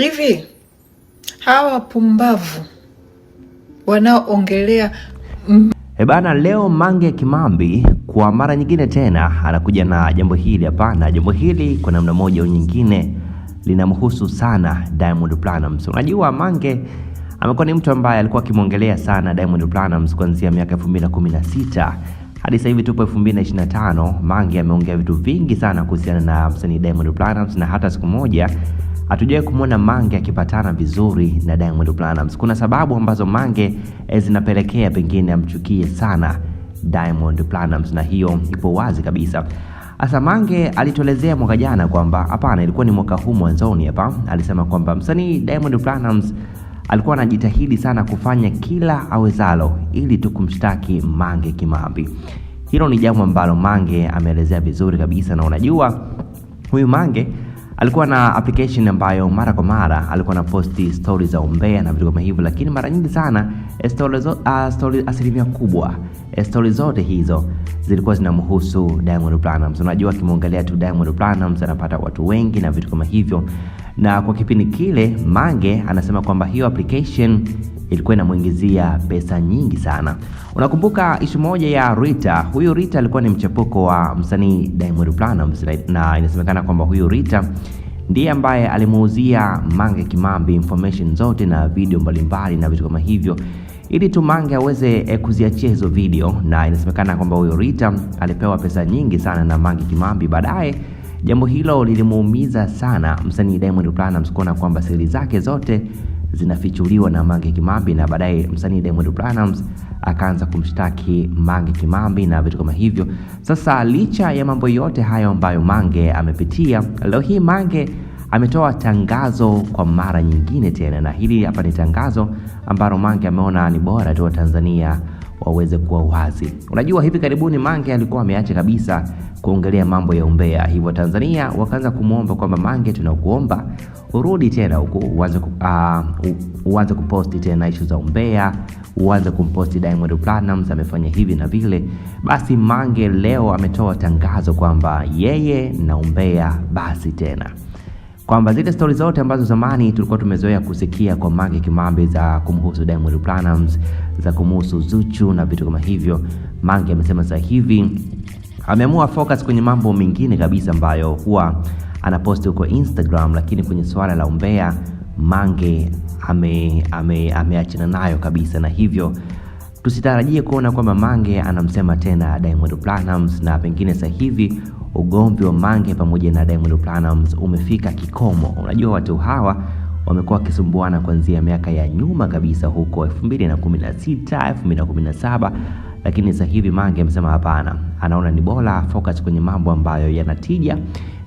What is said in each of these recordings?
Hivi hawa pumbavu wanaoongelea E bana, leo Mange Kimambi kwa mara nyingine tena anakuja na jambo hili. Hapana, jambo hili kwa namna moja au nyingine linamhusu sana Diamond Platnumz. Unajua Mange amekuwa ni mtu ambaye alikuwa akimwongelea sana Diamond Platnumz kuanzia miaka 2016 hadi sasa hivi tupo 2025. Mange ameongea vitu vingi sana kuhusiana na msanii Diamond Platnumz na hata siku moja hatujawai kumwona Mange akipatana vizuri na Diamond Platnumz. Kuna sababu ambazo Mange eh, zinapelekea pengine amchukie sana Diamond Platnumz, na hiyo ipo wazi kabisa. Asa Mange alituelezea mwaka jana kwamba hapana, ilikuwa ni mwaka huu mwanzoni hapa, alisema kwamba msanii Diamond Platnumz alikuwa anajitahidi sana kufanya kila awezalo ili tu kumshtaki Mange Kimambi. Hilo ni jambo ambalo Mange ameelezea vizuri kabisa, na unajua huyu Mange Alikuwa na application ambayo mara kwa mara alikuwa na posti stori za umbea na vitu kama hivyo, lakini mara nyingi sana eh, stori uh, ah, asilimia kubwa eh, stori zote hizo zilikuwa zinamhusu Diamond Platnumz. Unajua, akimwangalia tu Diamond Platnumz anapata watu wengi na vitu kama hivyo na kwa kipindi kile Mange anasema kwamba hiyo application ilikuwa inamuingizia pesa nyingi sana. Unakumbuka ishu moja ya Rita? Huyu Rita alikuwa ni mchepuko wa msanii Diamond Platnumz, na inasemekana kwamba huyu Rita ndiye ambaye alimuuzia Mange Kimambi information zote na video mbalimbali na vitu kama hivyo, ili tu Mange aweze eh, kuziachia hizo video, na inasemekana kwamba huyu Rita alipewa pesa nyingi sana na Mange Kimambi baadaye Jambo hilo lilimuumiza sana msanii Diamond Platnumz kuona kwamba siri zake zote zinafichuliwa na Mange Kimambi, na baadaye msanii Diamond Platnumz akaanza kumshtaki Mange Kimambi na vitu kama hivyo. Sasa licha ya mambo yote hayo ambayo Mange amepitia, leo hii Mange ametoa tangazo kwa mara nyingine tena, na hili hapa ni tangazo ambalo Mange ameona ni bora tu Tanzania waweze kuwa wazi. Unajua, hivi karibuni Mange alikuwa ameacha kabisa kuongelea mambo ya umbea, hivyo Tanzania wakaanza kumwomba kwamba Mange, tunakuomba urudi tena huku uanze ku, uh, kuposti tena ishu za umbea, uanze kumposti Diamond Platnumz amefanya hivi na vile. Basi Mange leo ametoa tangazo kwamba yeye na umbea basi tena kwamba zile stori zote ambazo zamani tulikuwa tumezoea kusikia kwa Mange Kimambi za kumhusu Diamond Platnumz, za kumhusu Zuchu na vitu kama hivyo, Mange amesema sasa hivi ameamua focus kwenye mambo mengine kabisa ambayo huwa anaposti huko Instagram, lakini kwenye suala la umbea Mange ameachana ame, ame nayo kabisa, na hivyo tusitarajie kuona kwamba Mange anamsema tena Diamond Platnumz, na pengine sasa hivi Ugomvi wa Mange pamoja na Diamond Platnumz umefika kikomo. Unajua watu hawa wamekuwa wakisumbuana kuanzia miaka ya nyuma kabisa huko 2016, 2017, lakini sasa hivi Mange amesema hapana, anaona ni bora focus kwenye mambo ambayo yanatija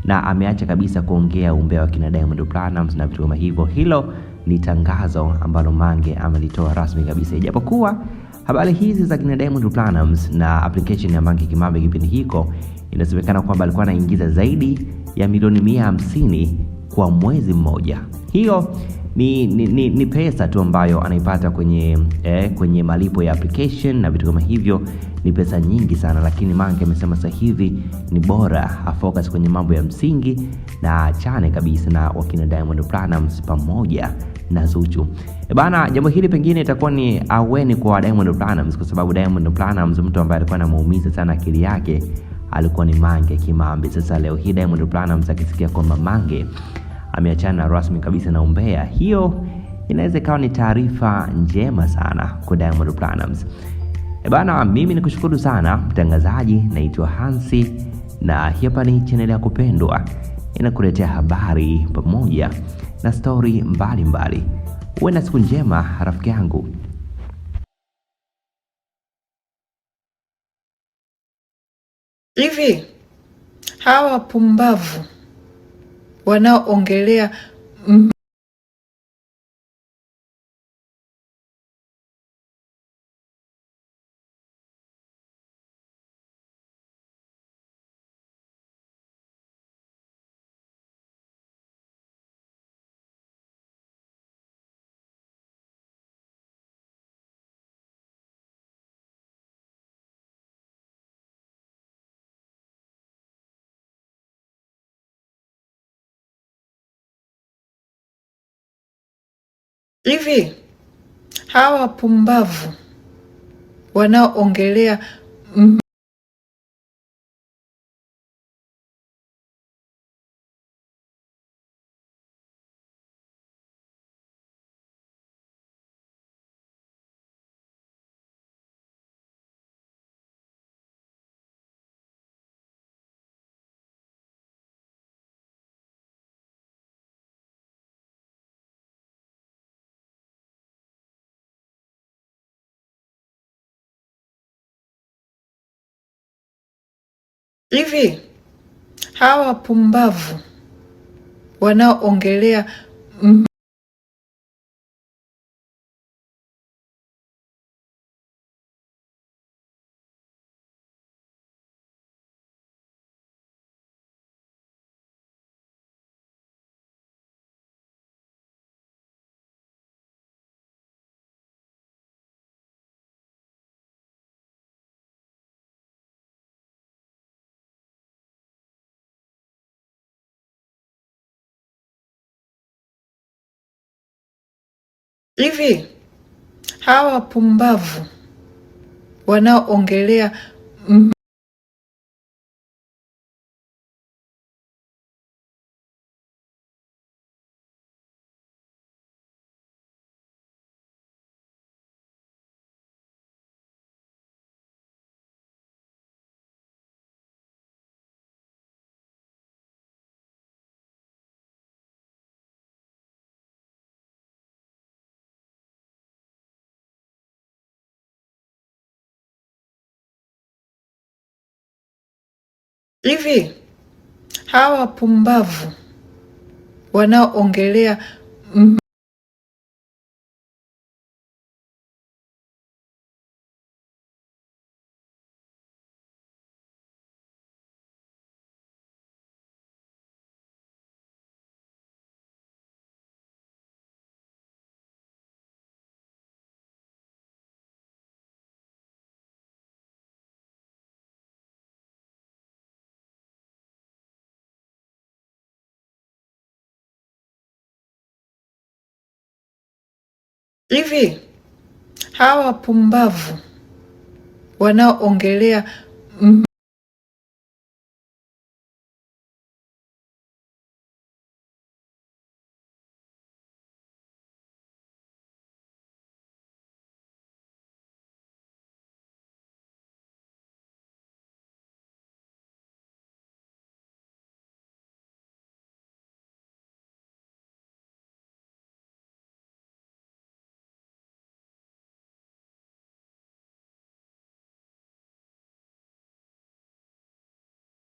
na ameacha kabisa kuongea umbea wa kina Diamond Platnumz na vitu kama hivyo. Hilo ni tangazo ambalo Mange amelitoa rasmi kabisa, ijapokuwa Habari hizi za kina Diamond Platnumz na application ya Mange Kimambi kipindi hiko, inasemekana kwamba alikuwa anaingiza zaidi ya milioni mia hamsini kwa mwezi mmoja. Hiyo ni, ni, ni, ni pesa tu ambayo anaipata kwenye, eh, kwenye malipo ya application na vitu kama hivyo. Ni pesa nyingi sana, lakini Mange amesema sasa hivi ni bora afocus kwenye mambo ya msingi na achane kabisa na wakina Diamond Platnumz pamoja na Zuchu. E bana, jambo hili pengine itakuwa ni aweni kwa Diamond Platnumz kwa sababu Diamond Platnumz mtu ambaye alikuwa anamuumiza sana akili yake alikuwa ni Mange Kimambi. Sasa leo hii Diamond Platnumz akisikia kwamba Mange ameachana rasmi kabisa na umbea, hiyo inaweza ikawa ni taarifa njema sana kwa Diamond Platnumz. E bana, mimi nikushukuru sana mtangazaji, naitwa Hansi na hapa ni channel ya kupendwa inakuletea habari pamoja na stori mbalimbali. Uwe na siku njema rafiki yangu. Hivi hawa wapumbavu wanaoongelea Hivi hawa wapumbavu wanaoongelea Hivi hawa wapumbavu wanaoongelea Hivi hawa wapumbavu wanaoongelea Hivi hawa wapumbavu wanaoongelea Hivi hawa pumbavu wanaoongelea